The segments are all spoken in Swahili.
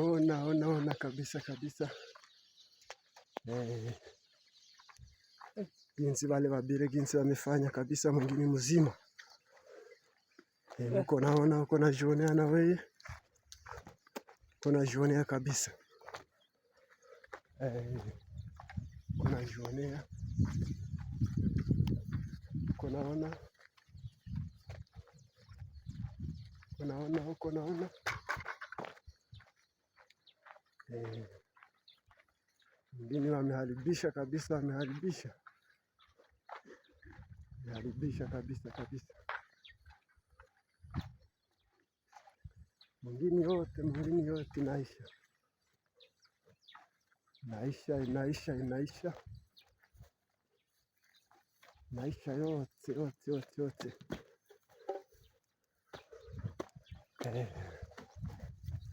Ona ona ona kabisa kabisa eh, jinsi wale wabire jinsi wamefanya kabisa, mwingine mzima eh, uko naona huko na jionea na weye uko na jionea kabisa eh, uko na jionea uko naona uko naona uko ona mjini wameharibisha kabisa, wameharibisha wameharibisha kabisa kabisa, mgini yote mgini yote inaisha inaisha inaisha inaisha inaisha yote yote yote yote eh,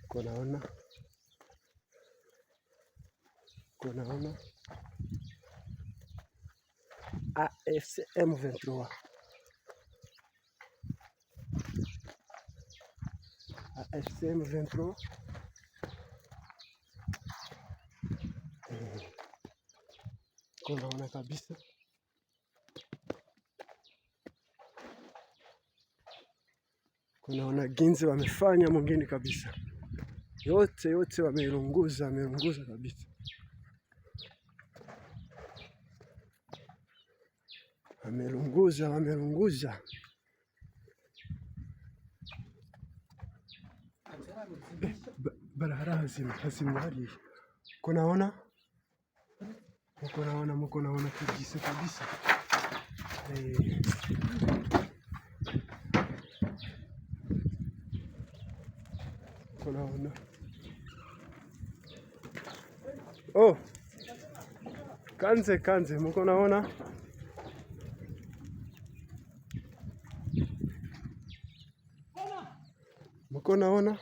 kunaona huko naona AFC M23. AFC M23 kunaona kabisa kunaona ginzi wamefanya mwingine kabisa, yote yote wameirunguza, wameirunguza kabisa. wamelunguza, wamelunguza barabara hazima, hazima hali kunaona, mko naona, mko naona kabisa kabisa eh. Kunaona oh, kanze kanze, mko naona mko naona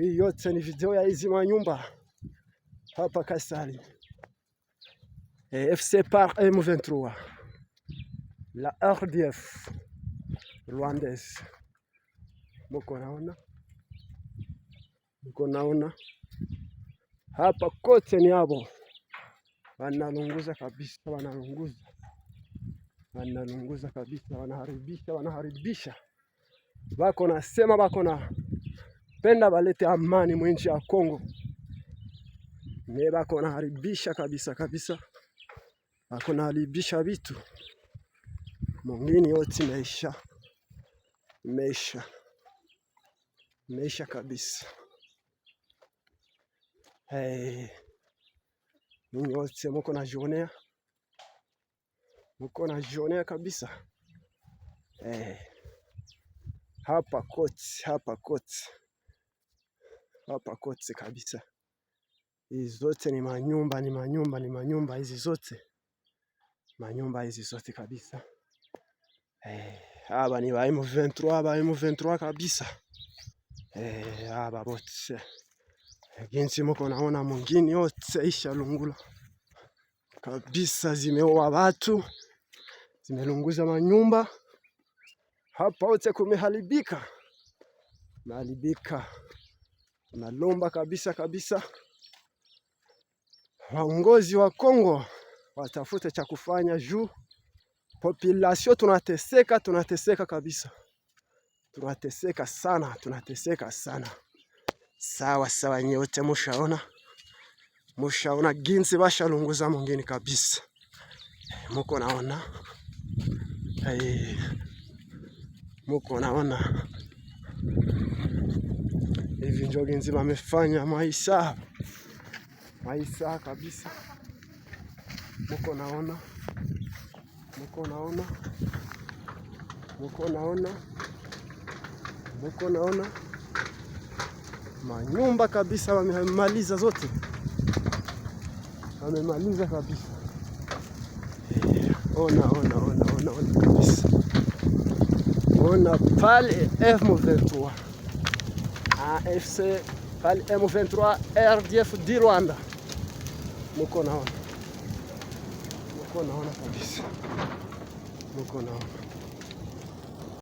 hii yote ni video ya hizi manyumba hapa Kasali eh, FC par M23 la RDF rwandaise, mko naona, mko naona hapa kote ni abo wanalunguza kabisa, wanalunguza wanalunguza kabisa, wanaharibisha, wanaharibisha. wako nasema bako na penda balete amani mwinchi ya Kongo, me bako naharibisha kabisa kabisa, bako naharibisha vitu mungini yote meisha meisha meisha kabisa. Hey, ninyi wote muko na jionea na najionea kabisa eh. Hapa koti hapa koti hapa koti kabisa. Hizi zote ni manyumba ni manyumba ni manyumba, hizi zote manyumba hizi zote kabisa eh. Haba ni ba M23 haba M23 kabisa eh, haba bote eh, ginsi mko naona mwingine yote isha lungula kabisa, zimeua watu zimelunguza manyumba hapa, wote kumeharibika, meharibika nalomba kabisa kabisa, waongozi wa Kongo watafute cha kufanya juu population tunateseka, tunateseka kabisa, tunateseka sana, tunateseka sana. Sawa sawa, nyote mushaona, mushaona ginsi bashalunguza mungini kabisa, muko naona Hai. Muko naona hivi njoge nzima amefanya maisha maisha kabisa. Muko naona muko naona muko naona muko naona manyumba kabisa, wamemaliza zote, wamemaliza kabisa. Ona, ona, ona kabisa. Ona pale M23 AFC pale M23 RDF di Rwanda, muko naona, muko naona kabisa, muko naona